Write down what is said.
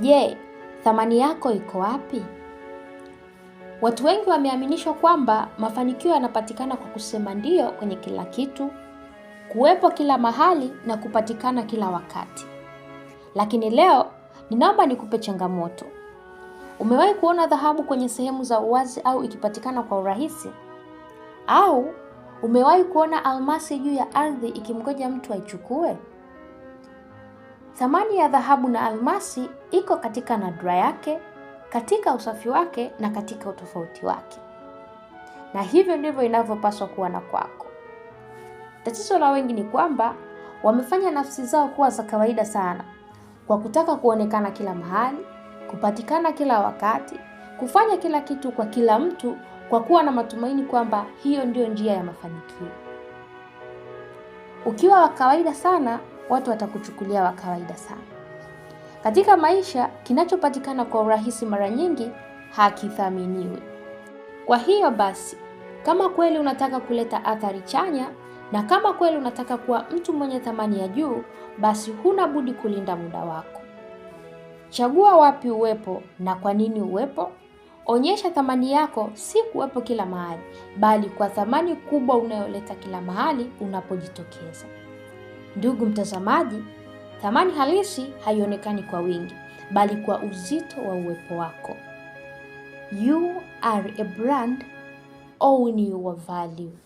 Je, thamani yako iko wapi? Watu wengi wameaminishwa kwamba mafanikio yanapatikana kwa kusema ndio kwenye kila kitu, kuwepo kila mahali na kupatikana kila wakati. Lakini leo ninaomba nikupe changamoto. Umewahi kuona dhahabu kwenye sehemu za uwazi au ikipatikana kwa urahisi? Au umewahi kuona almasi juu ya ardhi ikimgoja mtu aichukue? Thamani ya dhahabu na almasi iko katika nadra yake, katika usafi wake na katika utofauti wake, na hivyo ndivyo inavyopaswa kuwa na kwako. Tatizo la wengi ni kwamba wamefanya nafsi zao kuwa za kawaida sana kwa kutaka kuonekana kila mahali, kupatikana kila wakati, kufanya kila kitu kwa kila mtu, kwa kuwa na matumaini kwamba hiyo ndiyo njia ya mafanikio. Ukiwa wa kawaida sana watu watakuchukulia wa kawaida sana. Katika maisha, kinachopatikana kwa urahisi mara nyingi hakithaminiwi. Kwa hiyo basi, kama kweli unataka kuleta athari chanya na kama kweli unataka kuwa mtu mwenye thamani ya juu, basi huna budi kulinda muda wako. Chagua wapi uwepo na kwa nini uwepo. Onyesha thamani yako, si kuwepo kila mahali, bali kwa thamani kubwa unayoleta kila mahali unapojitokeza. Ndugu mtazamaji, thamani halisi haionekani kwa wingi, bali kwa uzito wa uwepo wako. You are a brand, own your value.